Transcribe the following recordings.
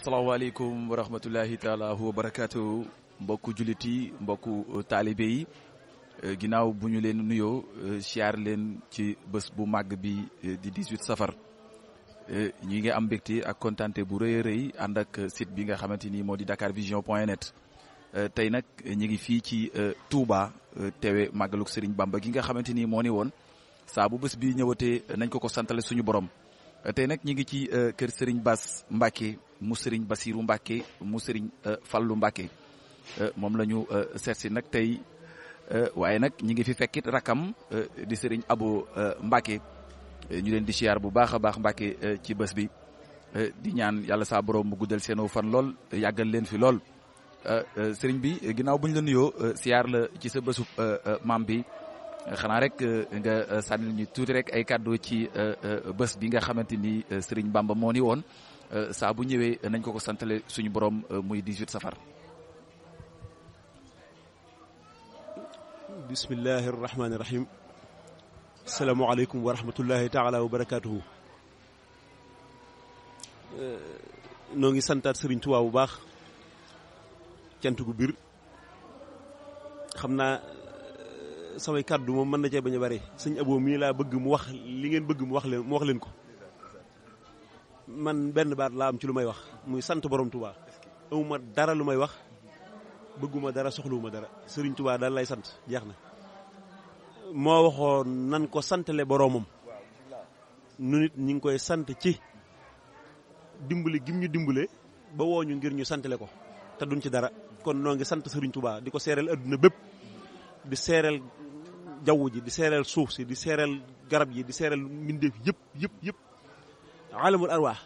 salaamaaleykum wa rahmatulahi taala wa barakaatu mbokku jullit mbokku taalibe eh, ginnaaw buñu leen nuyoo eh, siyaar leen ci bés bu màgg bi eh, di 18 safar ñi ngi am mbégte ak kontante bu rëy a rëy ànd ak site bi nga xamante ni moo di Dakar Vision point net tey nag ñi ngi fii ci Touba tewe màggaluk Serigne Bamba gi nga xamante ni moo ni woon saa bu bés bi ñëwatee nañ ko ko santale suñu borom tey nag ñi ngi ci kër Serigne Bass Mbacke. mu sëriñ Basiiru Mbàkke mu sëriñ euh, Fallu Mbàkke euh, moom la ñu euh, seet nag tey waaye nag ñi ngi fi fekkit rakam di sëriñ Abo Mbàkke ñu leen di siyaar bu baax a baax Mbàkke ci bës bi di ñaan yàlla saa borom mu guddal seenoo fan lool yàggal leen fi lool sëriñ bi ginnaaw bu ñu la nuyoo siyaar la ci sa bésub maam bi xanaa rek nga sànni ñu tuuti rek ay kàddu ci bës bi nga xamante ni sëriñ Bamba moo ni woon Euh, saa bu ñëwee nañ ko ko santale suñu borom euh, muy 18 safar. bismillahi rahmaani rahim. asalaamaaleykum wa rahmatullahi taala wa barakaatuhu. Euh, noo ngi santaat Serigne Touba bu baax cant gu biir xam naa samay kàddu moom mën na cee bañ a bare sëñ Abo mii laa bëgg mu wax li ngeen bëgg mu wax leen mu wax leen ko. man benn baat laa am ci lu may wax muy sant boroom Touba amuma dara lu may wax bëgguma dara soxluwuma dara sëriñ tubaa daal lay sant jeex na moo waxoo nan ko santale boroomam nu nit ñi ngi koy sant ci dimbali gim ñu dimbale ba woo ngir ñu santale ko te duñ ci dara kon noo ngi sant sëriñ tubaa di ko seereel adduna bépp di seereel jaww ji di seereel suuf si di seereel garab yi di seereel mbindeef yëpp yëpp yëpp alamul arwaax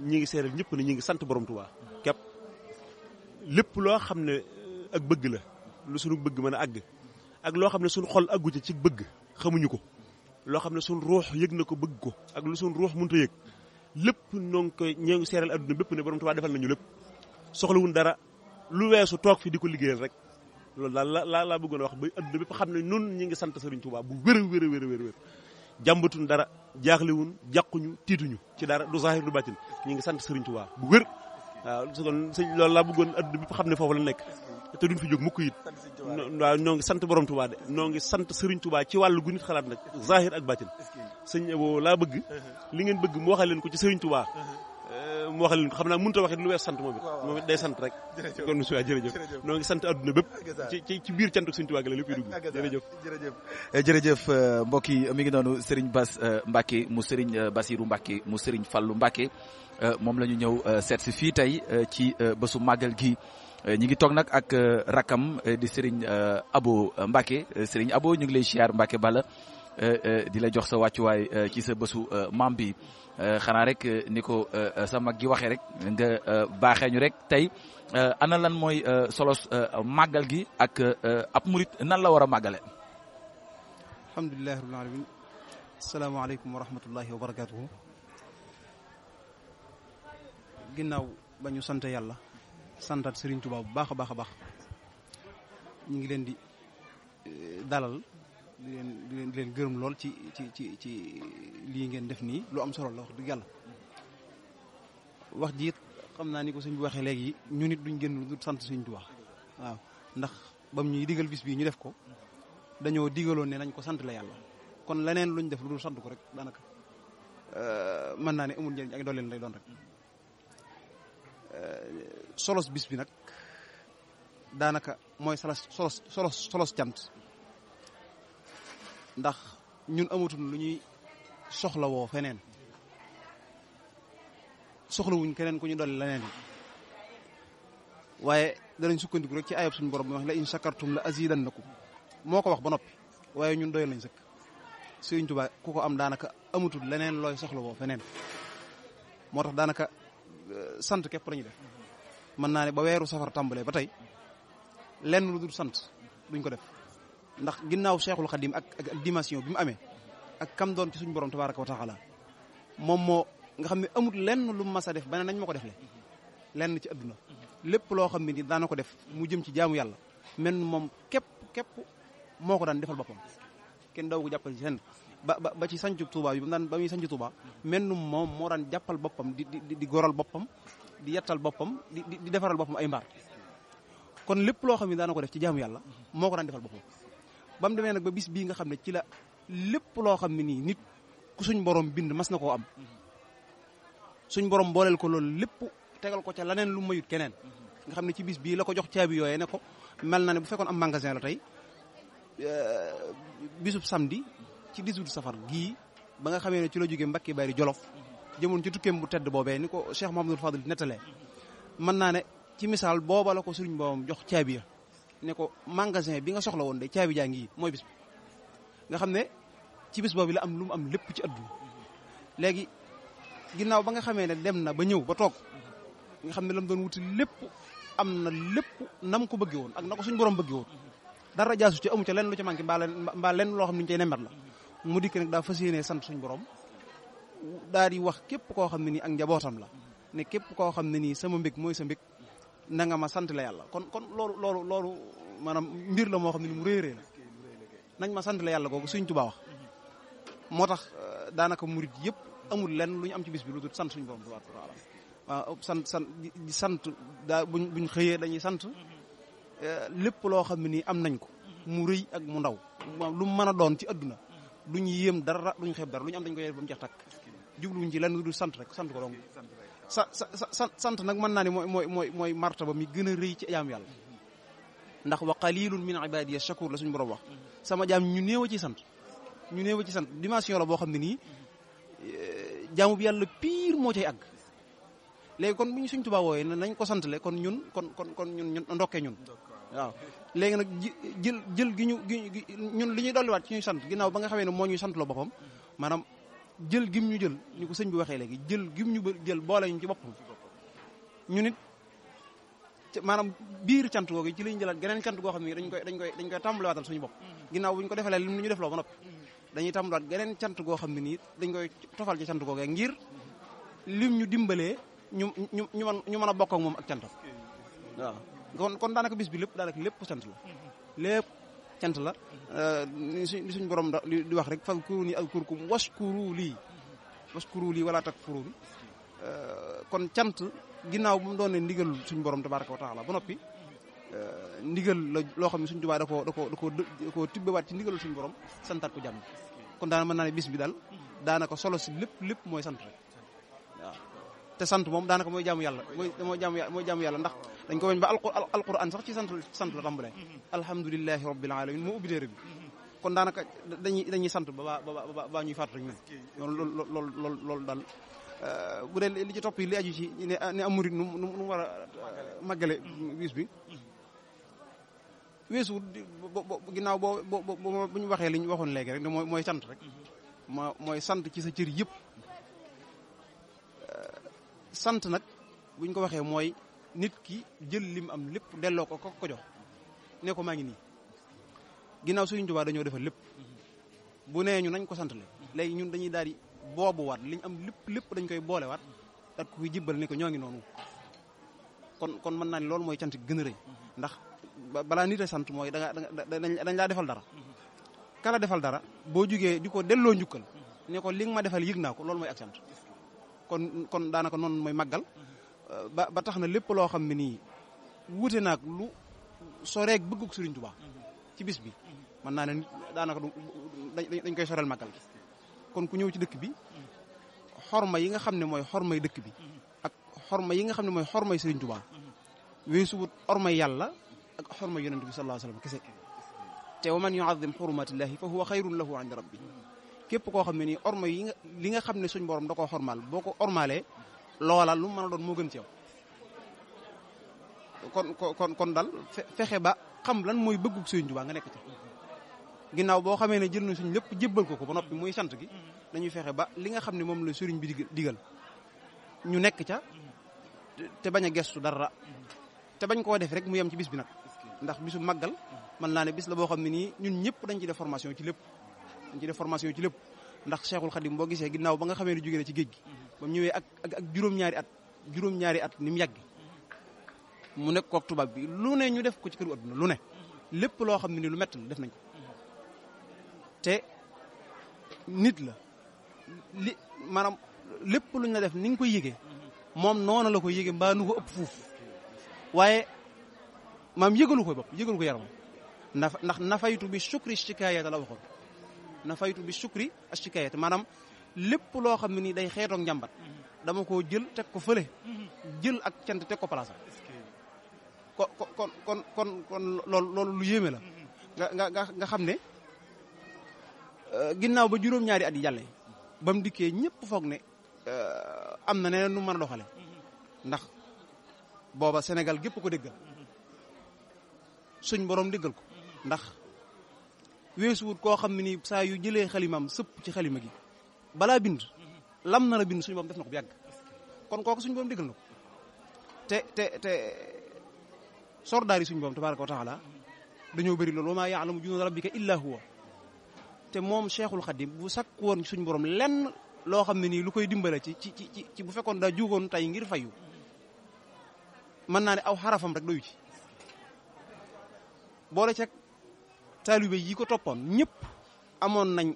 ñi ngi seeral ñëpp ne ñi ngi sant borom Tuubaa képp lépp loo xam ne euh, ak bëgg la lu suñu bëgg mën a àgg ak loo xam ne suñu xol àggu ci bëgg xamuñu ko loo xam ne suñu ruux yëg na ko bëgg ko ak lu suñu ruux mënut a yëg lépp noo ngi koy ñoo ngi seeral adduna bépp ne borom Tuubaa defal nañu lépp soxlawuñ dara lu weesu toog fi di ko liggéeyal rek loolu daal la laa bëggoon a wax ba adduna bépp xam ne nun ñu ngi sant Sëriñ tubaa bu wér a wér a wér jàmbatuñ dara jaaxlewuñ jàquñu tiituñu ci dara du zahir du bàtin ñu ngi sant sëriñ Touba bu wér waaw su kon sëñ loolu laa bëggoon adduna bi xam ne foofu la nekk te duñ fi jóg mukk it waaw ñoo ngi sant borom Touba de ñoo ngi sant Serigne Touba ci wàllu gu nit xalaat nag zahir ak bàtin sëñ boo laa bëgg li ngeen bëgg mu waxal leen ko ci Serigne Touba mu wax leen xam naa mënut a wax it lu wees sant moom it moom it day sant rek kon monsieur waa jërëjëf noo ngi sant adduna bépp ci ci biir cantuk suñu tubaab gi la lépp jërëjëf jërëjëf eh, jërëjëf eh, mbokk yi mi ngi noonu Serigne bas eh, mbaki mu Serigne Bassirou Mbacké mu Serigne Fallou Mbacké moom lañu ñëw seet si fii tey ci bésu màggal gi ñi ngi toog nag ak rakam di Serigne Abo Mbacké Serigne Abo ñu ngi lay siyaar Mbacké Bala di la jox sa wàccuwaay ci sa bësu maam bi Euh, xanaa rek euh, ni ko euh, sa mag gi waxee rek nga baaxee rek tey ana lan mooy solos màggal gi ak ab murit nan la war a màggale alhamdulilahi rabbil alamin asalaamaaleykum wa rahmatullahi wa barakatuhu ginnaaw bañu ñu sant yàlla santaat Serigne Touba bu baax a baax a baax ñu ngi leen di dalal di leen di leen di leen gërëm lool ci ci ci ci lii ngeen def nii lu am solo la wax dëgg yàlla wax ji xam naa ni ko sëñ bi waxee léegi ñu nit duñ génn du sant sëñ Tuubaa waaw ndax bam ñuy digal bis bii ñu def ko dañoo digaloon ne nañ ko sant la yàlla kon leneen luñ def lu dul sant ko rek daanaka euh, mën naa ne amul njëriñ ak dooleen lay doon rek euh, solos bis bi nag daanaka mooy solos solos solos solos ndax ñun amatum lu ñuy soxla woo feneen soxla wuñ keneen ku ñu dolli leneen waaye danañ sukkandiku rek ci ayab suñu borom bi wax la in shakartum la azidannakum moo ko wax ba noppi waaye ñun doyal lañ sëkk Sëriñ Tuubaa ku ko am daanaka amatul leneen looy soxla woo feneen moo tax daanaka euh, sant képp lañu def mën naa ne ba weeru safar tàmbalee ba tey lenn lu sant duñ ko def ndax ginnaaw Cheikhul Khadim ak ak dimension bi mu amee ak kam doon ci suñu borom tabaraka wa taala moom moo nga xam ne amul lenn lu mu a def ba ne nañ ma ko defle lenn ci àdduna lépp loo xam ne di daana ko def mu jëm ci jaamu yàlla men moom képp képp moo ko daan defal boppam kenn daw ko jàppal ci seen ba ba ci sanc Touba bi ba ba muy sanc Touba menn moom moo daan jàppal boppam di di di goral boppam di yettal boppam di di defaral boppam ay mbaar kon loo xam ne daana ko def ci jaamu yàlla moo ko daan defal boppam ba mu demee nag ba bis bii nga xam ne ci la lépp loo xam ne nii nit ku suñ borom bind mas na koo am suñ borom booleel ko loolu lépp tegal ko ca leneen lu mayut keneen nga xam ne ci bis bii la ko jox caabi yooyee ne ko mel na ne bu fekkoon am magasin la tey euh, bisub samedi ci 18 safar gii ba nga xamee ne ci la jógee Mbacke Bari Jolof jëmoon ci tukkeem bu tedd boobee ni ko Cheikh Mamadou Fadil nettalee mën naa ne ci misaal booba la ko sëriñ boobam jox caabi ya ne ko magasin bi nga soxla won de caabi jaa ngi bis nga xamne ne ci bis bobu la am lu am lepp ci addu léegi ginnaw ba nga xamé ne dem na ba ñew ba tok nga xamne ne doon wuti lepp am na lepp nam ko bëgg won ak nako suñu borom bëgg won dara jaasu ci amu ci lenn lu ci manki mbaa len mbaa len lo xamni ñu cay nemer la mu dik nak da fasiyene yéenee sant suñu borom daal di wax kep ko xamni ak njabotam la ne kep ko xamni sama mbik moy sa mbik na nga ma sant la yàlla kon kon loolu loolu loolu maanaam mbir la moo xam ne ni mu réeree la nañ ma sant la yàlla googu suñ tubaa wax moo tax euh, daanaka murit yëpp amul lenn lu ñu am ci sant suñu borom tabaaraka waaw sant sant di sant daa buñ buñ xëyee dañuy sant euh, lépp loo xam ne nii am nañ ko mu rëy ak mu ndaw lu mu mën a doon ci adduna duñu yéem dara duñu xeeb dara lu am nañ ko yeer ba mu jeex takk jubluwuñ ci lenn lu sant rek sant ko dong sant nak man nani moy moy moy moy martaba mi gëna reuy ci yam yalla ndax wa qalilun min ibadiya shakur la suñu borom wax sama jam ñu neew ci sant ñu neew ci sant dimension la bo xamni ni eh, jamu bi yalla pire mo cay ag légui kon buñu suñu tuba woy nañ ko santale kon ñun kon kon kon ñun ñun ndoké ñun waaw légui nak jël jël giñu ñun liñu ñuy wat ci ñuy sant ginaaw ba nga xamee ne mo ñuy sant lo bopam manam jël gim ñu jël ñu ko sëñ bi waxee léegi jël gim ñu jël boole ñu ci boppam ñu nit maanaam biir cant googu ci lañu jëlaat geneen cant goo xam ne dañ koy dañ koy dañ koy tàmbaliwaatal suñu bopp ginnaaw bu ñu ko defalee lim ñu def loo ba dañuy tàmbaliwaat geneen cant goo xam ne nii dañ koy tofal ci cant googee ngir lim ñu dimbalee ñu ñu ñu ñu mën a bokk ak moom ak cantam waaw kon kon daanaka bis bi lépp daanaka lépp sant la cant la euh, suñ suñ borom di wax rek fadkuruni azkurkum waskuru lii waskuru lii wala takfuru bi euh, kon cant ginnaaw bu mu doonee ndigal suñ borom tabaraka wa taala ba noppi euh, ndigal la loo xam suñ tubaa da koo da koo da koo koo tibbewaat ci ndigal suñ borom santaat ko jàmm kon daana mën naa ne bis bi daal daanaka solo si lépp lépp mooy sant rek te sant moom daanaka mooy jaamu yàlla mooy mooy jaamu mooy jaamu yàlla ndax dañ ko weñ ba alquran sax ci sant sant la tàmbalee mm-hmm. alhamdulilahi rabbil alamin moo ubbi téere bi mm-hmm. kon daanaka dañuy dañuy sant ba ba ba ñuy faatu rek ñun loolu loolu loolu loolu daal euh, bu dee li ci topp yi li aju ci ne ne amurit nu mu nu mu war a euh, màggale wiis bi mm-hmm. weesu ginnaaw boo boo bu ñu waxee li ñu waxoon léegi rek mooy sant rek mooy sant ci sa cër yëpp sant nag buñ ko waxee mooy nit ki jël lim am lépp delloo ko ko ko jox ne ko maa ngi nii ginnaaw suñu Tuubaa dañoo defal lépp bu nee ñu nañ ko sant la léegi ñun dañuy daal di boobu waat liñ am lépp lépp dañ koy boole waat dat ko fi jibbal ne ko ñoo ngi noonu kon kon man naa ne loolu mooy cant gën a rëy ndax balaa nit a sant mooy da nga dañ laa defal dara kala defal dara boo jugee di ko delloo njukkal ne ko ma defal yëg naa loolu kon kon daanaka noonu mooy màggal euh, ba ba tax na lépp loo xam ne nii wuute naag lu soreeg bëggug Sëriñ Tuubaa ci bis bi mën naa ne daanaka du dañ koy soreel màggal kon ku ñëw ci dëkk bi xor ma yi nga xam ne mooy xormay dëkk bi ak ma yi nga xam ne mooy xormay Sëriñ Tuubaa weesu wut xormay yàlla ak xormay yonent bi sallallahu alayhi wa sallam kese te wa man yuazim xurumatillahi fa huwa la lahu inda rabbi képp koo xam ne nii orma yi nga li nga xam ne suñ borom da koo xormaal boo ko ormaalee loola lu mën a doon moo gën ci yow kon kon kon dal fexe ba xam lan mooy bëggug suñ Tuubaa nga nekk ci ginnaaw boo xamee ne jël na suñ lépp jébbal ko ko ba noppi muy sant gi dañuy fexe ba li nga xam ne moom la sëriñ bi digal ñu nekk ca te bañ a gestu dara te bañ koo def rek mu yem ci bis bi nag ndax bisu màggal man naa ne bis la boo xam ne nii ñun ñëpp dañ ci def formation ci lépp dañ ci ci lépp ndax Cheikhul Khadim boo gisee ginnaaw ba nga xamee ne jógee na ci géej gi ba mu ak ak juróom-ñaari at juróom-ñaari at ni mu yàgg tubaab bi lu ne ñu def ko ci këru adduna lu ne lépp loo xam ne ni lu mett la def nañ la li lépp luñ la def ni koy yëgee moom noonu la ko yëgee mbaa nu ko ëpp fuuf waaye maam yëgalu ko bopp yëgalu ko yaram ndax ndax nafaytu bi sukri shikaayata la waxoon na faytu bi shukri ashikayat manam lepp lo xamni ni jambat. day xeetoog njàmbat dama ko jël tek ko feulé jël ak tek ko place kon kon kon kon loolu loolu lu yéme la nga nga nga xamné euh, ginnaw ba juróom-ñaari at yalla bam diké ñepp fokk né foog ne euh, am nu mëna doxalé ndax boba Sénégal ko déggal suñ borom déggal ko ndax weesuwut koo xam ne ni sa yu jele xalimaam sepp ci xalima gi bala bind lam na la bind suñu borom def nako bu yag kon koku suñu borom digal nako te te te sor suñu borom tabaraka taala dañu bëri lolu ma ya'lamu junu rabbika illa huwa te mom cheikhul khadim bu sakk won suñu borom len lo xamni ni lu koy dimbalé ci ci ci ci bu fekkon da tay ngir fayu man na ni aw harafam rek doyu ci taalibe yi ko toppoon ñëpp amoon nañ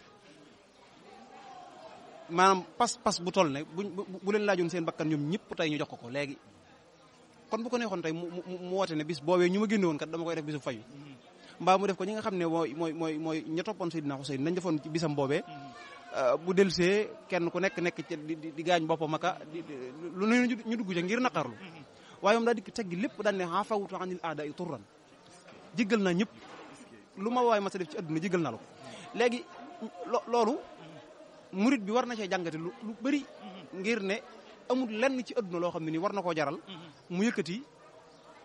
maanaam pas-pas bu toll ne bu bu leen laajoon seen bakkan ñoom ñëpp tey ñu jox ko ko léegi kon bu ko neexoon tey mu mu woote ne bis boobee ñu ma génne woon kat dama koy def bisu fayu mbaa mu def ko ñi nga xam ne mooy mooy mooy mooy ña toppoon Seydina nañ defoon ci bisam boobee euh, bu dellusee kenn ku nekk nekk ci di gaañ boppam aka lu ne ñu dugg ca ngir naqarlu mm-hmm. waaye moom daa dikk teggi lépp daan ne xaafawtu anil aada i turran jéggal naa ñëpp lu ma waay mas a def ci adduna jéggal na la ko léegi loolu murit bi war na cee jàngate lu lu bëri ngir ne amul lenn ci adduna loo xam ne nii war na koo jaral mu yëkkati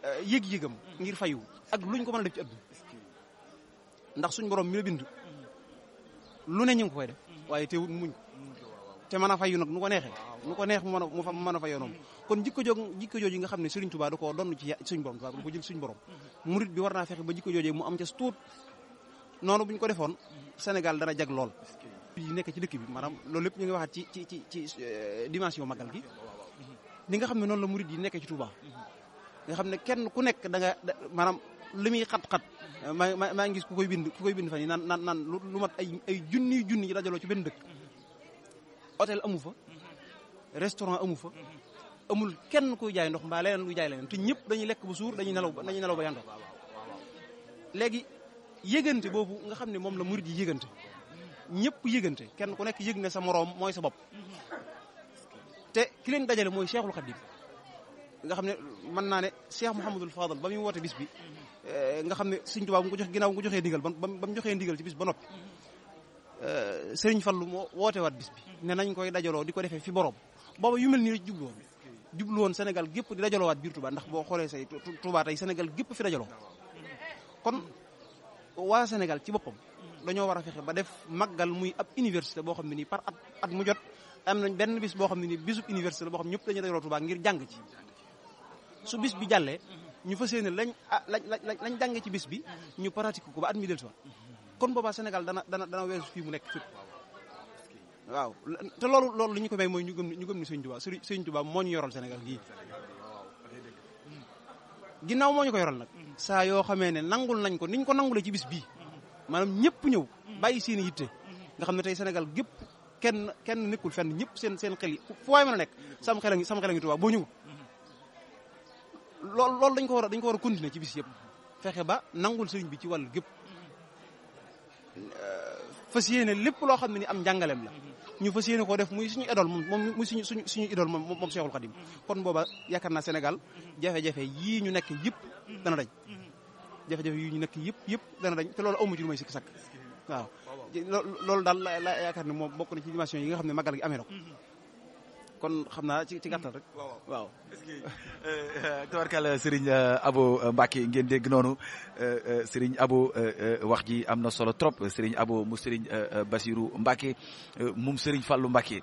eh, yëg-yëgam ngir fayu ak luñ ko mën a def ci adduna ndax suñ borom mi la bind lu ne ñu ngi koy def waaye teewul muñ te mën a fayu nag ko neexee nu ko neex mën a mën a fayonoom kon jikko jooju nga xam ne Serigne Touba da koo donn ko jël suñ borom murit bi war naa fexe ba jikko joojee mu am ca tuut noonu buñ ko defoon Sénégal dana jag lool yi nekk ci dëkk bi maanaam loolu lépp ñu ngi waxaat ci ci ci ci euh, dimension magal gi ni nga xam ne noonu la murit yi nekk ci Touba nga xam ne kenn ku nekk danga nga maanaam li muy xat-xat maa maa ngi gis ku koy bind ku koy bind fan yi naan naan naan lu mat ay ay junniy junni dajaloo ci benn dëkk hôtel amu fa restaurant amu fa amul kenn kuy jaay ndox mbaa leneen luy jaay leneen te ñëpp dañuy lekk ba suur dañuy nelaw ba dañuy nelaw ba yàndoo léegi yëgante boobu nga xam ne moom la murid yi yëgante ñëpp yëgante kenn ku nekk yëg ne sa morom mooy sa bopp te ki leen dajale mooy Cheikhul Khadim nga xam ne mën naa ne Cheikh Mouhamadul Fadal ba muy woote bis bi nga xam ne Sëriñ Tuubaa bu ko jox ginnaaw bu ko joxee ndigal ba mu joxee ndigal ci bis ba noppi Eh, Serigne fallu mo wote wat bis bi ne nañ koy dajalo di defé fi borom bobu yu Senegal gipu rek won senegal gep di dajalo wat bir Touba ndax bo xolé say Touba tay senegal gep fi dajalo kon wa Senegal ci bopam dañu wara fexé ba def magal muy ab université bo xamni par at at mu jot am nañ benn bis bo xamni bisu université bo boo xam ne ñëpp dañuy Touba ngir jang ci su bis bi jalle ñu fassiyene ah, lañ lañ lañ ci bis bi ñu pratique ko ba at mi kon boobaa senegal dana dana dana weesu fii mu nekk fépp waaw te loolu loolu li ñu ko may mooy ñu gëm ñu gëm ni ginau Tuubaa sëñ Tuubaa moo ñu yoral nanggul gii ginnaaw moo ñu ko yoral nag saa yoo xamee ne nangul nañ ko niñ ko nangulee ci bis bi maanaam ñëpp ñëw bàyyi seen yitte nga xam ne senegal Sénégal kenn kenn nekkul fenn ñëpp seen seen xel yi fu waay mën a sam xel sam xel a ngi Tuubaa boo ñëwul loolu loolu dañ ko war dañ ko continuer ci bis ba nangul sëriñ bi ci fas yéene lépp loo xam ne ni am njàngaleem la ñu fas yéene koo def muy suñu idole moom su suñu suñu suñu idole moom moom Cheikhul Khadim kon booba yaakaar naa Sénégal jafe-jafe yii ñu nekk yëpp dana dañ jafe ñu nekk yëpp yëpp dana dañ te loolu amu ci lu may sikk sakk waaw loolu daal la yaakaar ne moom bokk na ci dimension yi nga xam ne magal gi amee na ko kon xam naa ci ci gàttal rek. Mm-hmm. waaw waaw est-ce que euh, euh, tubarkalla Serigne euh, Abo Mbacke ngeen dégg noonu Serigne Abo wax ji am na solo trop Serigne Abo mu Serigne Basirou Mbacke moom Serigne Fallou Mbacke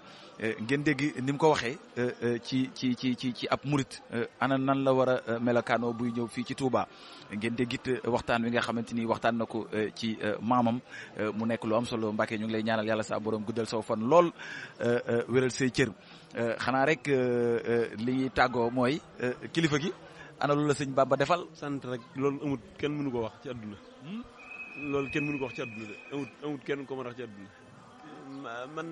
ngeen dégg ni mu ko waxee ci ci ci ci ci ab murit ana nan la war a melokaanoo buy ñëw fii ci Touba ngeen dégg waxtaan wi nga xamante ni waxtaan na ko ci maamam mu nekk lu am solo Mbacke ñu ngi lay ñaanal yàlla sa borom guddal saw fan lool wéral say cër. Euh, xanaa rek euh, euh, li ñuy tàggoo mooy kilifa gi ana lu la sëñ Bamba defal. sant rek loolu amut kenn mënu ko wax ci àdduna hmm? loolu kenn mënu ko wax ci àdduna de amut amut kenn ko mën a wax ci àdduna man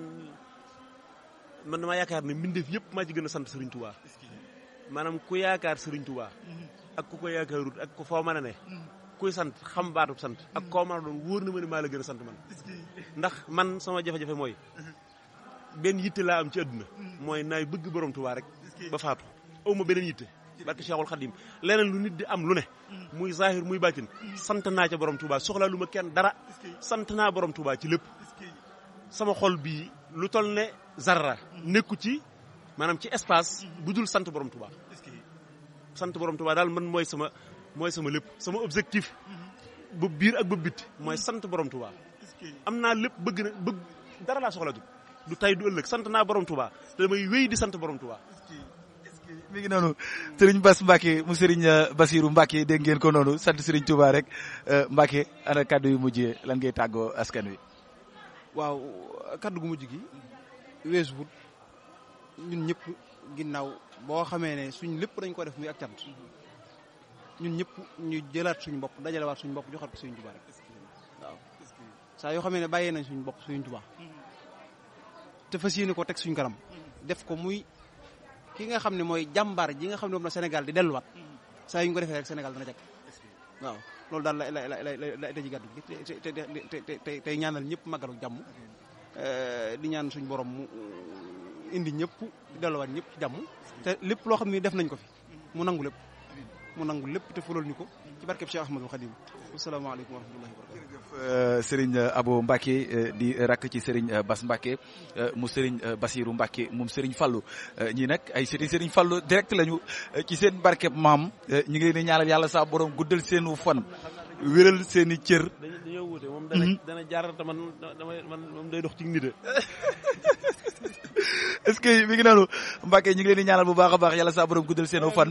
man damaa yaakaar ne mbindeef yëpp maa ci gën a sant Serigne Touba maanaam ku yakaar Serigne Touba hmm. ak ku ko yaakaarut ak ku foo mën a ne. Hmm. kuy sant xam baatub sant. ak koo mën a doon ma ne a sant man. ndax man sama jafe-jafe mooy. benn yitte laa am ci àdduna mooy naay bëgg borom Tuubaa rek ba faatu aw beneen yitte barke Cheikhul Khadim leneen lu nit di am lu ne muy zahir muy baatin sant naa ca borom Tuubaa soxlaa lu ma kenn dara sant naa borom Tuubaa ci lépp sama xol bii lu tol ne zarra nekku ci maanaam ci espace bu dul sant borom Tuubaa sant borom Tuubaa daal man mooy sama mooy sama lépp sama objectif bu biir ak bu bit mooy sant borom Tuubaa am naa lépp bëgg na bëgg dara laa soxla du du tay du ëllëg sant naa boroom Touba te damay wéy di sant borom Touba. mi ngi noonu Serigne Bass Mbacke mu Serigne euh, basiiru Mbacke dégg ngeen ko noonu sant Serigne Touba rek euh, Mbacke ana kaddu yu mujjee lan ngay tàggoo askan wi. waaw kadd gu mujj gi weesu wut ñun ñëpp ginnaaw boo xamee ne suñ lépp dañ ko def muy ak cant ñun ñëpp ñu jëlaat suñu bopp dajalewaat suñ bopp joxaat ko Serigne rek waaw saa yoo xamee ne bàyyee nañ suñu bopp Serigne Touba. te fas ko tek suñu kanam def ko muy ki nga xamne moy jambar ji nga xamne la di delluwaat saa yu ñu ko defee rek senegal dana jag waaw lolou dal la la la la la daji te te te te ñaanal ñepp magalu jamm euh di ñaan suñu borom mu indi ñepp delu wat ñepp jamm te lepp lo xamne def nañ ko fi mu nangul lepp mu nangul lepp te fulol ñuko ci barkeb Cheikh Ahmadou Khadim sëriñ Abo Mbacke di rakk ci Serigne euh, Bass Mbacke euh, mu Serigne euh, Bassirou Mbacke moom sëriñ Fallou ñi nag ay Serigne sëriñ Fallou direct lañu ci seen barkeb maam ñu ngi leen di yàlla saa boroom guddal seenu fan wéral seen i cër. dañoo wuute moom dana mhm. jaar man damay man moom day dox ci nit est-ce que mi ngi noonu Mbacke ñu ngi leen di ñaanal baax a baax yàlla sa borom guddal seen fan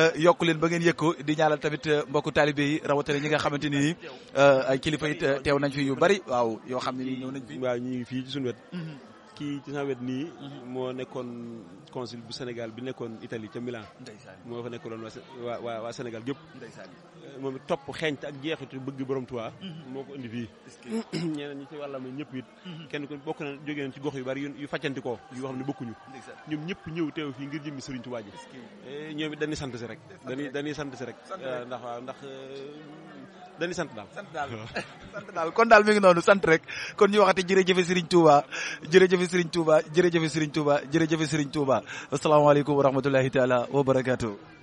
eh, yokk leen ba ngeen yëg ko di ñaanal tamit eh, mbokku taalibe yi rawatina ñi nga xamante ni eh, ay kilifa it teew nañ fi yu bari waaw yoo xam ne nii ñëw nañ fi waaw fii ci suñu wet mm-hmm. kii ci sama wet nii. moo nekkoon consul bu Sénégal bi nekkoon Italie ca Milan. moo fa nekkaloon waa waa waa Sénégal gépp moom it topp xeeñt ak jeexitu bëgg borom Tuubaa. Mhm. moo ko indi fii. ñeneen ñi ci wàllam ñëpp it. Mhm. kenn ko bokk na jóge nañ ci gox yu bari yu yu fàccanti koo yu xam ne bokkuñu. ñoom ñëpp ñëw teew fii ngir jëmmi Sëriñ Tuubaa ji. Eh, ñoom it dañuy sant si rek. dañuy dañuy sant si rek. Eh, ndax waaw ndax. Euh, dañuy sant daal sant daal daal kon daal mi ngi noonu sant rek kon ñu waxati jërëjëfe Serigne Touba jërëjëfe Serigne Touba jërëjëfe Serigne Touba jërëjëfe Serigne Touba asalaamaaleykum wa rahmatulahi taala wa barakaatu